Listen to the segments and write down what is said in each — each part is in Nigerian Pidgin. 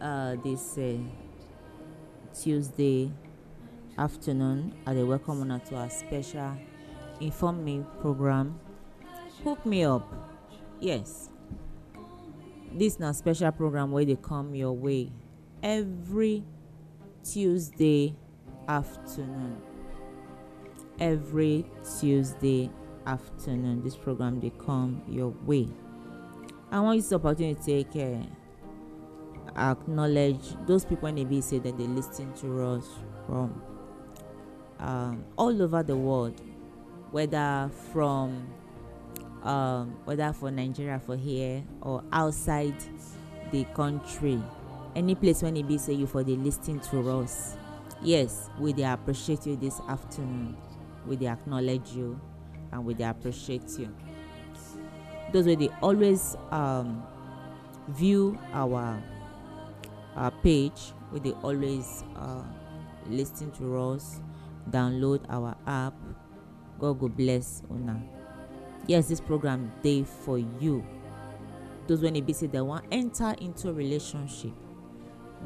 uh, this uh, Tuesday afternoon at a welcome honor to our special Inform Me program. Hook me up. Yes. This na special program where they come your way every Tuesday afternoon. Every Tuesday afternoon, this program they come your way. I want this opportunity to take care. Uh, acknowledge those people in ABC that they listen to us from um, all over the world, whether from um, whether for Nigeria for here or outside the country, any place when it be say you for the listening to us. Yes, we they appreciate you this afternoon. We they acknowledge you and we they appreciate you. Those where they always um, view our our uh, page where they always uh, listen to us, download our app. God go bless Una. Yes, this program day for you. Those when they busy they want enter into relationship.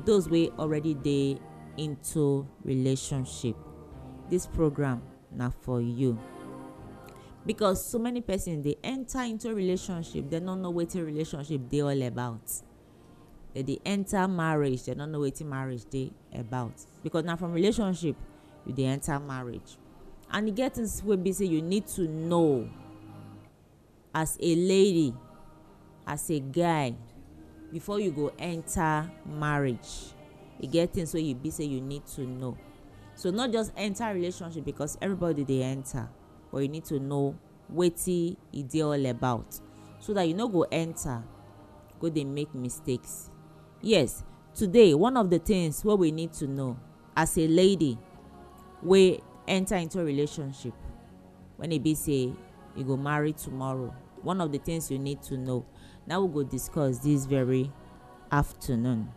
Those way already they into relationship. This program not for you. Because so many persons they enter into relationship, they don't know what a relationship they all about. they dey enter marriage they no know wetin marriage dey about because na from relationship you dey enter marriage and e get things wey be say you need to know as a lady as a guy before you go enter marriage e get things wey you be say you need to know so not just enter relationship because everybody dey enter but you need to know wetin e dey all about so that you no go enter go dey make mistakes yes today one of the things wey we need to know as a lady wey enter into relationship when e be say you go marry tomorrow one of the things you need to know Now we go discuss this very afternoon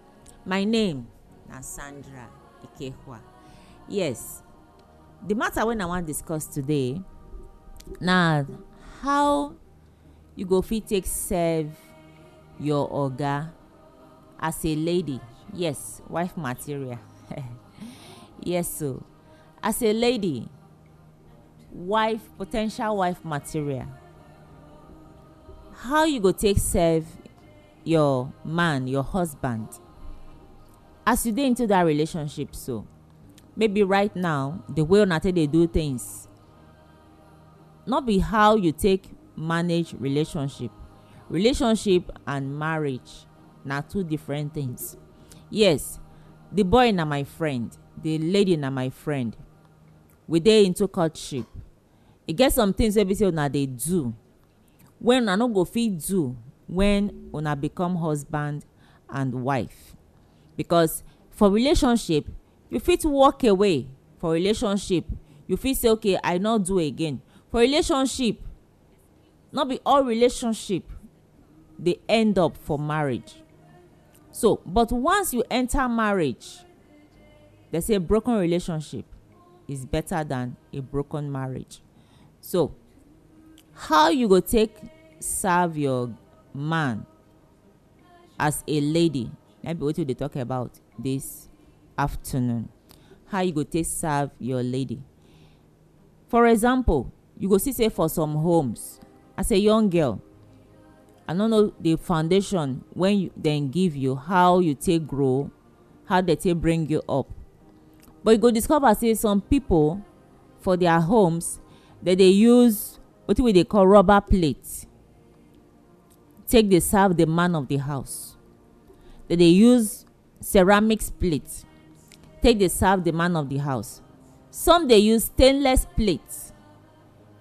my name na sandra ikehua yes the matter wey i wan discuss today na how you go fit take serve your oga as a lady yes wife material yes so as a lady wife potential wife material how you go take serve your man your husband as you dey into that relationship so maybe right now the way una take dey do things no be how you take manage relationship relationship and marriage na two different things yes the boy na my friend the lady na my friend we dey into courtship e get some things wey be say una dey do wey una no go fit do when una become husband and wife because for relationship you fit walk away for relationship you fit say okay i no do again for relationship no be all relationship dey end up for marriage so but once you enter marriage they say broken relationship is better than a broken marriage so how you go take serve your man as a lady na be wetin we talk about this afternoon how you go take serve your lady for example you go see say for some homes as a young girl i no know the foundation when you, dem give you how you take grow how dem take bring you up but you go discover say some people for their homes dem dey use wetin we dey call rubber plate take dey serve the man of the house dem dey use ceramic plate take dey serve the man of the house some dey use stainless plate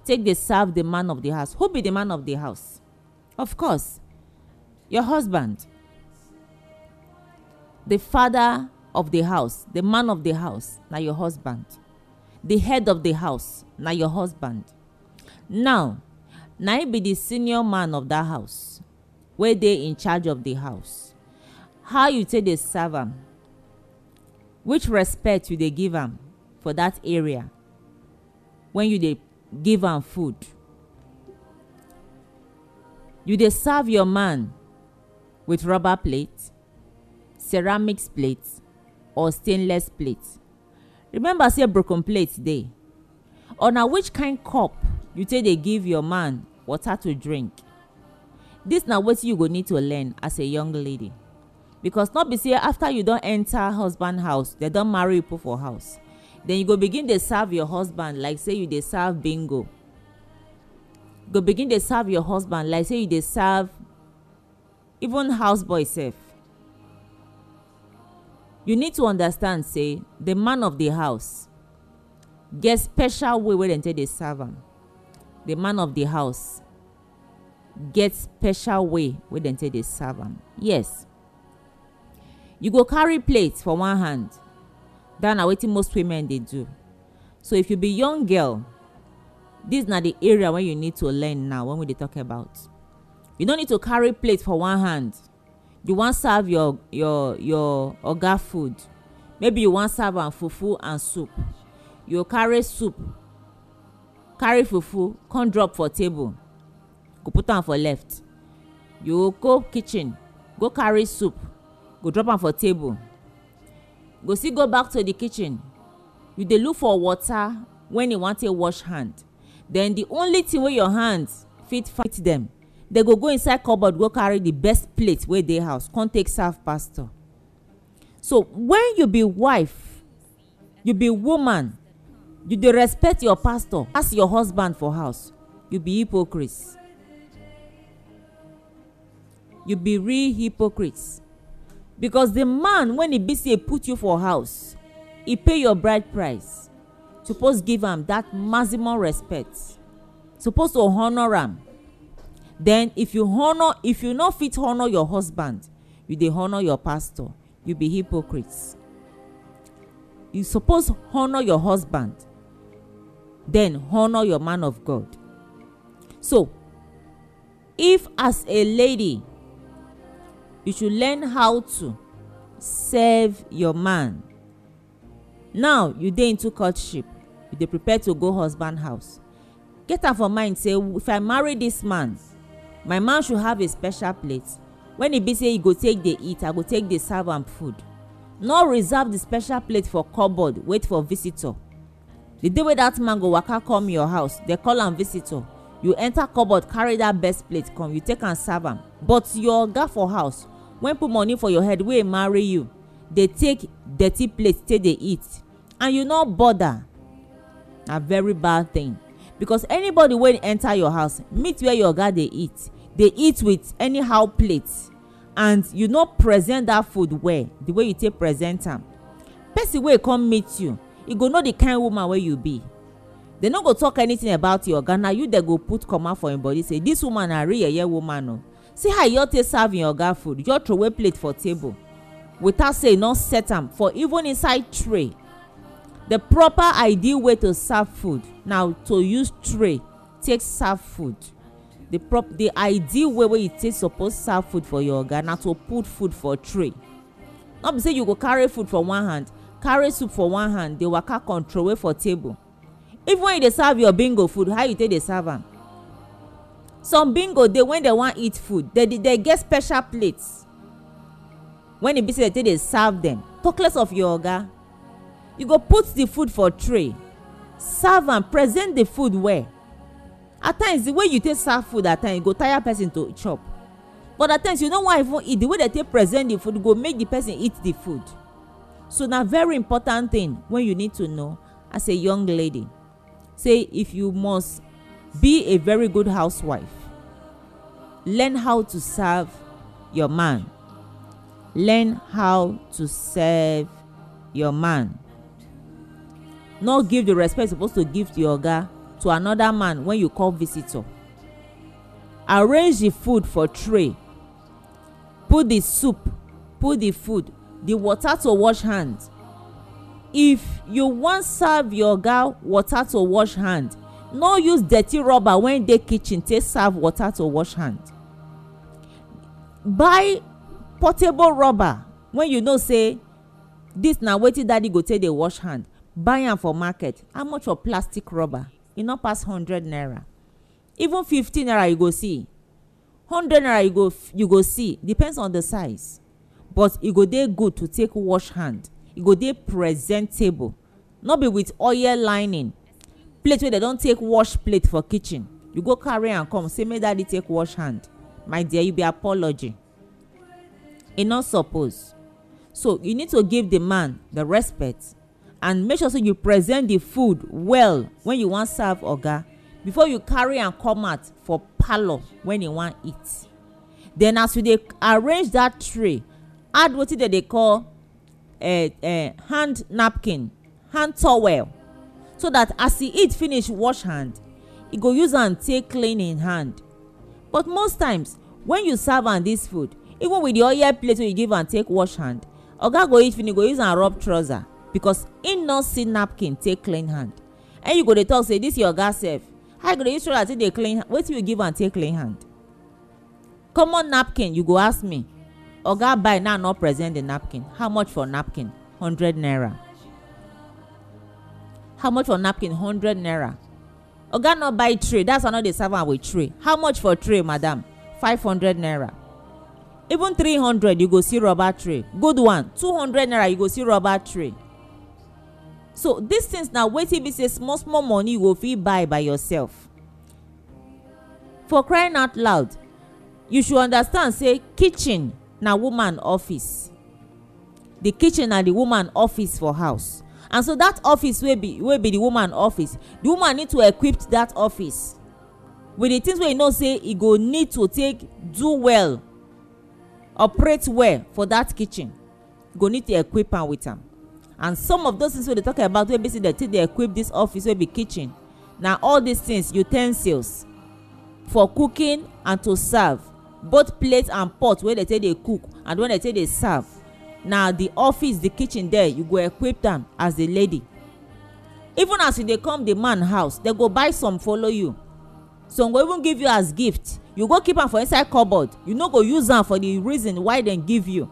take dey serve the man of the house who be the man of the house Of course, your husband, the father of the house, the man of the house, now your husband, the head of the house, now your husband. Now, now be the senior man of that house, where they in charge of the house. How you take the servant? Which respect you they give him for that area? When you they give him food you dey serve your man with rubber plate ceramics plate or stainless plate remember say broken plate dey or na which kind cup you take dey give your man water to drink This na wetin you go need to learn as a young lady because no be say after you don enter husband house dem don marry you put for house then you go begin dey serve your husband like say you dey serve bingo go begin dey serve your husband like say you dey serve even houseboy boy sef you need to understand say the man of the house get special way wey dem take dey serve am the man of the house get special way wey dem take dey serve am yes you go carry plate for one hand that na wetin most women dey do so if you be young girl this na the area wey you need to learn now when we dey talk about you no need to carry plate for one hand you wan serve your your your oga food maybe you wan serve am fufu and soup you carry soup carry fufu come drop for table go put am for left you go kitchen go carry soup go drop am for table go still go back to the kitchen you dey look for water when you wan take wash hand then the only thing wey your hands fit fight them, they go go inside cupboard go carry the best plate wey dey house come take serve pastor so when you be wife you be woman you dey respect your pastor as your husband for house you be hypocrite you be real hypocrite because the man when he be say put you for house he pay your bride price suppose give am that maximum respect suppose to honour am then if you honour if you no fit honour your husband you dey honour your pastor you be hypocrite you suppose honour your husband then honour your man of god so if as a lady you should learn how to serve your man now you dey into courtship you dey prepare to go husband house get am for mind say if i marry this man my man should have a special plate when e be say e go take dey eat i go take dey serve am food no reserve the special plate for cupboard wait for visitor the day wey that man go waka come your house dey call am visitor you enter cupboard carry that best plate come you take am serve am but your oga for house wen put money for your head wey e marry you dey take dirty plate take dey eat and you no bother na very bad thing because anybody wey enter your house meet where your oga dey eat dey eat with anyhow plate and you no present that food well the way you take present am person wey come meet you e go know the kind woman wey you be they no go talk anything about your oga na you dey go put comot for im body say this woman na real yeye woman o oh. see how you e take serve your oga food you just throway plate for table without say you e no set am for even inside tray the proper ideal way to serve food na to use tray take serve food the prop the ideal way wey you take suppose serve food for your oga na to put food for tray no be say you go carry food for one hand carry soup for one hand dey waka control way for table even when you dey serve your bingo food how you take dey serve am some bingo dey when dem wan eat food dem dey get special plates. when e be say dem take dey serve dem talk less of your oga you go put the food for tray serve am present the food well at times the way you take serve food at times go tire person to chop but at times you no wan even eat the way they take present the food go make the person eat the food so na very important thing wey you need to know as a young lady say if you must be a very good housewife learn how to serve your man learn how to serve your man not give the respect you suppose to give to your oga to another man when you come visitor arrange the food for tray put the soup put the food the water to wash hand if you wan serve your oga water to wash hand no use dirty rubber wey dey kitchen take serve water to wash hand buy portable rubber when you know say this na wetin daddy go take dey wash hand buy am for market how much for plastic rubber e no pass hundred naira even fifty naira you go see hundred naira you go you go see depends on the size but e go dey good to take wash hand e go dey presentable no be with oil lining plate wey dem don take wash plate for kitchen you go carry am come say make daddy take wash hand my dear you be apology e no suppose so you need to give the man the respect and make sure say you present the food well when you wan serve oga before you carry am come out for parlour when you wan eat then as you dey arrange that tray add wetin dem dey call uh, uh, hand napkin hand towel so that as e eat finish wash hand e go use am take clean im hand but most times when you serve am this food even with the oil plate wey you give am take wash hand oga go eat finish go use am rub trouser because im no see napkin take clean hand and you go dey talk say this your oga sef how you go dey use shoulder take dey clean wetin you give am take clean hand common napkin you go ask me oga buy now no present the napkin how much for napkin hundred naira how much for napkin hundred naira oga no buy tray that's why i no dey serve am with tray how much for tray madam five hundred naira even three hundred you go see rubber tray good one two hundred naira you go see rubber tray so these things na wetin be say small small money you go fit buy by yourself for crying out loud you should understand say kitchen na woman office the kitchen na the woman office for house and so that office wey be wey be the woman office the woman need to equip that office with the things wey you know say e go need to take do well operate well for that kitchen go need to equip am with am and some of those things wey dey talk about wey be say dem take dey equip this office wey be kitchen na all these things utensils for cooking and to serve both plate and pot wey dey take dey cook and when dey take dey serve na the office the kitchen there you go equip am as the lady even as you dey come the man house dem go buy some follow you some go even give you as gift you go keep am for inside cupboard you no go use am for the reason why dem give you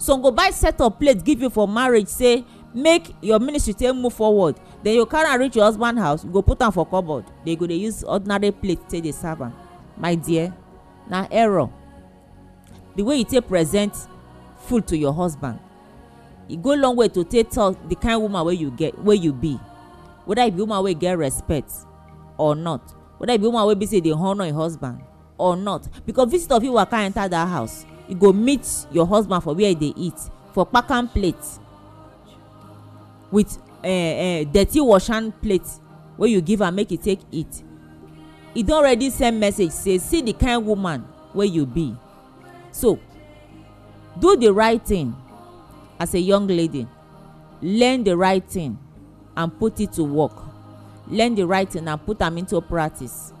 some go buy set of plate give you for marriage say make your ministry take move forward then you carry am reach your husband house you go put am for cupboard dey go dey use ordinary plate take dey serve am my dear na error the way you take present food to your husband e go long way to take talk the kind woman wey you get wey you be whether you be woman wey get respect or not whether you be woman wey be say dey honour your husband or not because visitor fit waka enter that house you e go meet your husband for where he dey eat for kpakam plate with uh, uh, dirty washan plate wey you give am make e take eat e don already send message say see the kind woman wey you be so do the right thing as a young lady learn the right thing and put it to work learn the right thing and put am into practice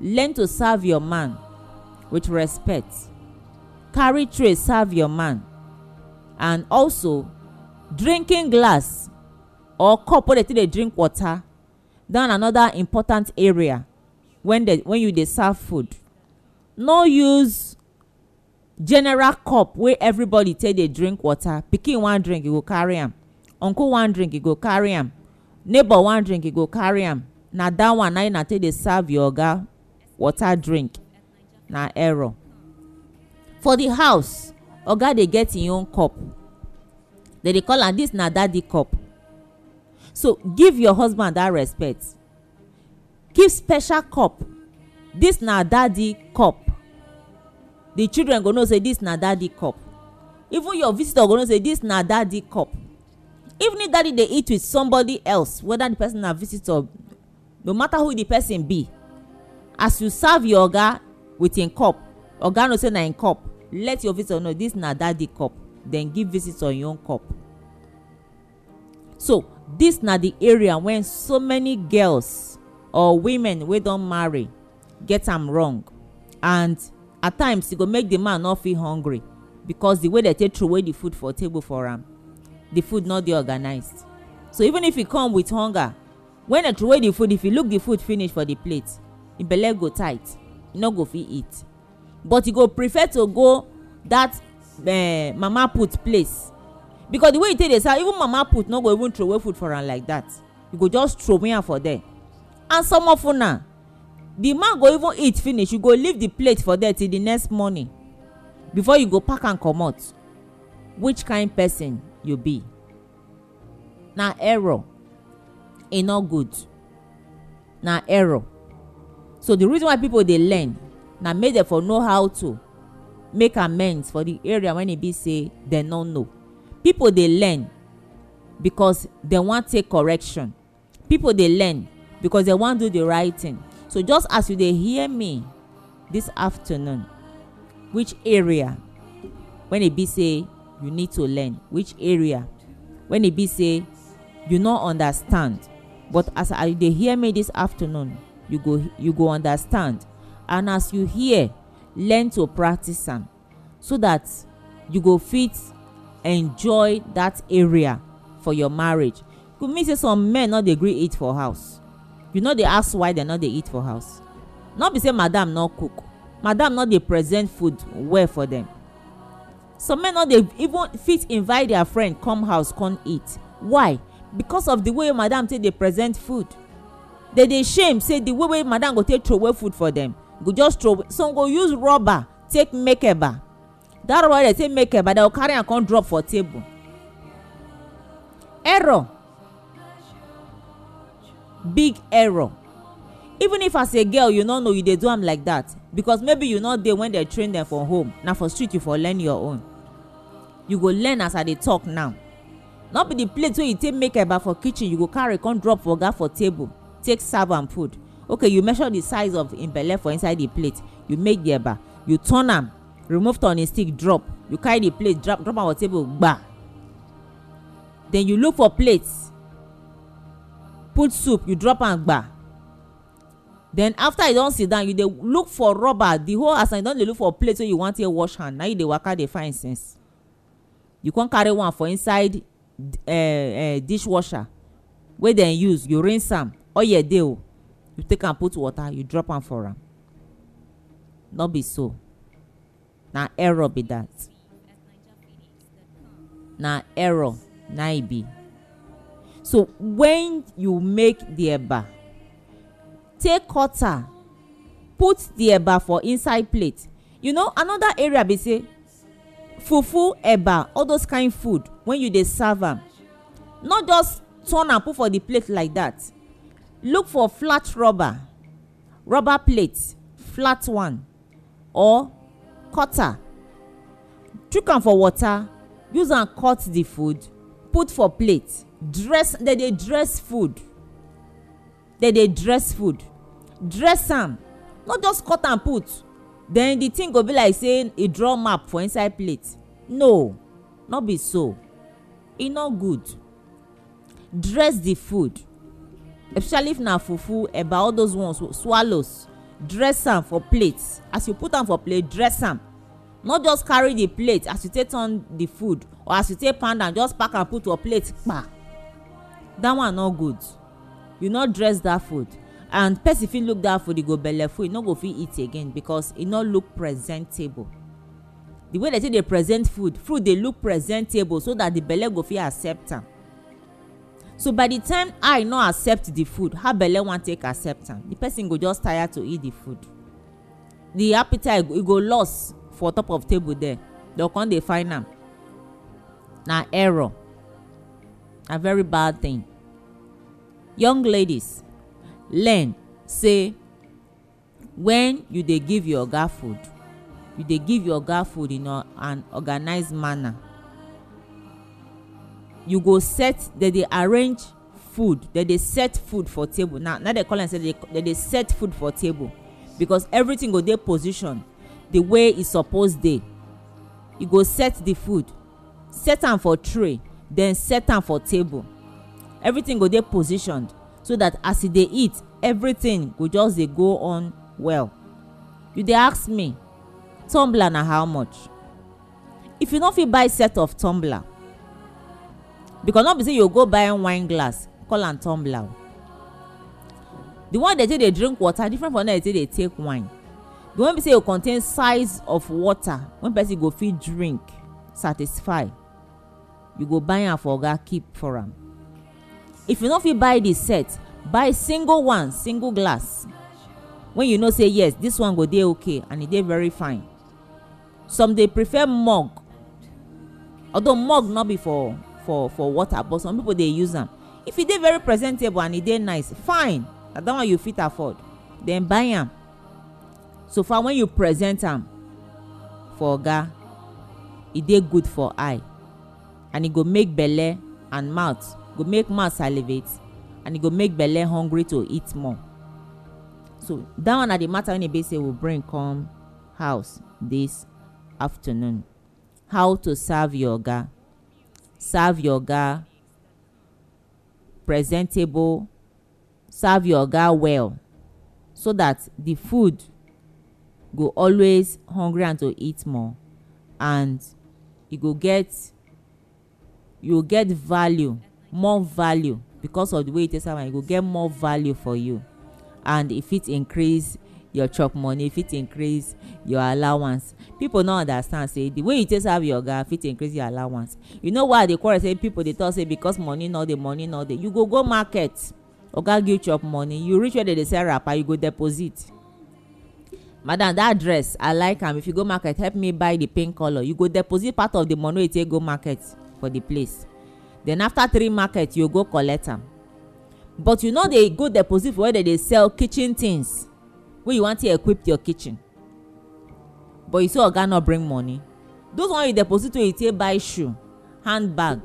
learn to serve your man with respect carry tray serve your man and also drinking glass or cup wey dey take dey drink water dat another important area when dey when you dey serve food no use general cup wey everybody take dey drink water pikin wan drink you go carry am uncle wan drink you go carry am neighbor wan drink you go carry am na that one na you na take dey serve your oga water drink na error for the house oga dey get im own cup They dey call am this na daddy cup so give your husband that respect keep special cup this na daddy cup the children go know say this na daddy cup even your visitor go know say this na daddy cup even if daddy dey eat with somebody else whether the person na visitor no matter who the person be as you serve your oga with him cup oga know say na him cup let your visitor know this na daddy cup then give visit on your own cup so this na the area when so many girls or women wey don marry get am wrong and at times e go make the man no feel hungry because the way they take away the food for table for am the food no dey organized so even if e come with hunger when they throw away the food if e look the food finish for the plate e belle go tight e no go fit eat but e go prefer to go that uh, mama put place because the way you take dey sell even mama put no go even throw away food for am like that you go just throw throway am for there and some of una the man go even eat finish you go leave the plate for there till the next morning before you go pack am comot which kind person you be na error e no good na error so the reason why people dey learn na make dem for know how to make amends for the area when e be say dem no know people dey learn because dem wan take correction people dey learn because dem wan do the right thing so just as you dey hear me this afternoon which area when e be say you need to learn which area when e be say you no understand but as i dey hear me this afternoon you go you go understand and as you hear learn to practice am so that you go fit enjoy that area for your marriage go mean say some men no dey gree eat for house you no dey ask why dem no dey eat for house no be say madam no cook madam no dey present food well for dem some men no dey even fit invite their friend come house come eat why because of the way madam take dey present food they dey shame say the way wey madam go take throway food for dem go just throw some go use rubber take make eba that rubber dey take make eba dem go carry am come drop for table error big error even if as a girl you no know you dey do am like that because maybe you no dey when dem train dem for home na for street you for learn your own you go learn as i dey talk now no be the plate wey you take make eba for kitchen you go carry come drop for oga for table take serve am food okay you measure the size of im belle for inside the plate you make the eba you turn am remove turning stick drop you carry the plate drop drop am for table gba then you look for plate put soup you drop am gba then after you don sit down you dey look for rubber the whole as you don dey look for plate wey so you wan take wash hand na you dey waka dey find sense you come carry one for inside uh, uh, dishwasher wey dem use you rinse am oil dey o you take am put water you drop am for am no be so na error be that na error na e be so when you make the eba take cutter put the eba for inside plate you know another area be say fufu eba all those kind food when you dey serve am no just turn am put for the plate like that look for flat rubber rubber plate flat one or cutter chook am for water use am cut the food put for plate dress dem dey dress food dem dey dress food dress am no just cut am put then the thing go be like say e draw map for inside plate no no be so e no good dress the food especially if na fufu eba all those ones swallows dress am for plate as you put am for plate dress am no just carry the plate as you take turn the food or as you take pound am just pack am put for plate kpa that one no good you no dress that food and person fit look that food e go belle full e no go fit eat again because e no look presentable the way they take dey present food food dey look presentable so that the belle go fit accept am so by the time eye no accept the food how belle wan take accept am the person go just tire to eat the food the appetite e go loss for top of table there dem come dey find am na error na very bad thing young ladies learn say when you dey give your oga food you dey give your oga food in an organized manner you go set dem dey arrange food dem dey set food for table now now dem call am say dem dey set food for table because everything go dey position the way e suppose dey you go set the food set am for tray then set am for table everything go dey positioned so that as e dey eat everything go just dey go on well you dey ask me tumbler na how much if you no fit buy set of tumbler because no be say you go buy wine glass call am tumbler the one dey take dey drink water different from the one dey take dey take wine the one be say e contain size of water wey person go fit drink satisfy you go buy am for oga keep for am if you no fit buy the set buy single one single glass when you know say yes this one go dey okay and e dey very fine some dey prefer mug although mug no be for for for water but some people dey use am if e dey very presentable and e dey nice fine na that one you fit afford then buy am so far when you present am for oga e dey good for eye and e go make belle and mouth go make mouth salivate and e go make belle hungry to eat more so that one na the matter wey ebe say we bring come house this afternoon how to serve your oga serve your oga presentable serve your oga well so that the food go always hungry and to eat more and you go get you go get value more value because of the way you take serve am you go get more value for you and e fit increase your chop money fit increase your allowance people no understand say the way you take serve your oga fit increase your allowance you know why i dey quarrel say people dey talk say because money no dey money no dey you go go market oga give chop money you reach where they dey sell wrapper you go deposit madam that dress i like am if you go market help me buy the pink color. you go deposit part of the money wey you take go market for the place then after three market you go collect am but you no dey go deposit for where they dey sell kitchen things wey you wan take equip your kitchen but you say oga no bring money those one you deposit wey you take buy shoe handbag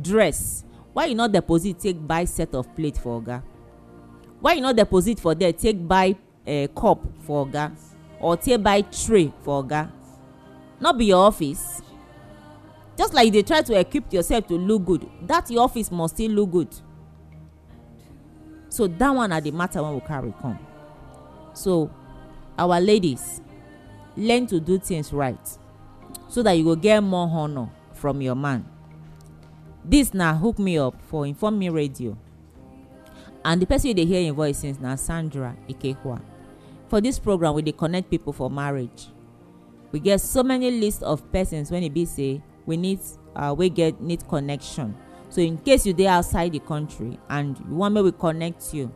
dress why you no deposit take buy set of plate for oga why you no deposit for there take buy uh, cup for oga or take buy tray for oga no be your office just like you dey try to equip yourself to look good that your office must still look good so that one na the matter wey we carry come so our ladies learn to do things right so that you go get more honor from your man this na hook me up for inform me radio and the person you dey hear im voice since na sandra ikehua for this program we dey connect people for marriage we get so many list of persons when e be say we need uh, we get need connection so in case you dey outside the country and you wan make we connect you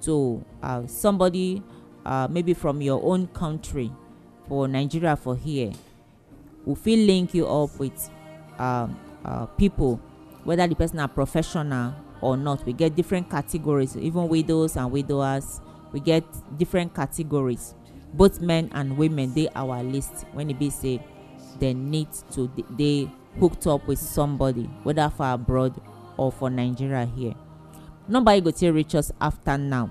to uh, somebody uh, maybe from your own country for Nigeria for here, we feel link you up with um, uh, people, whether the person are professional or not. We get different categories, even widows and widowers. We get different categories, both men and women. They our list when it be say they need to they hooked up with somebody, whether for abroad or for Nigeria here. Nobody go to reach us after now.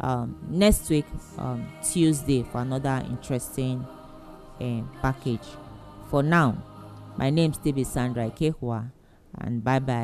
um, next week um, tuesday for another interesting um, package for now my name is Debbie sandra ikehua and bye bye.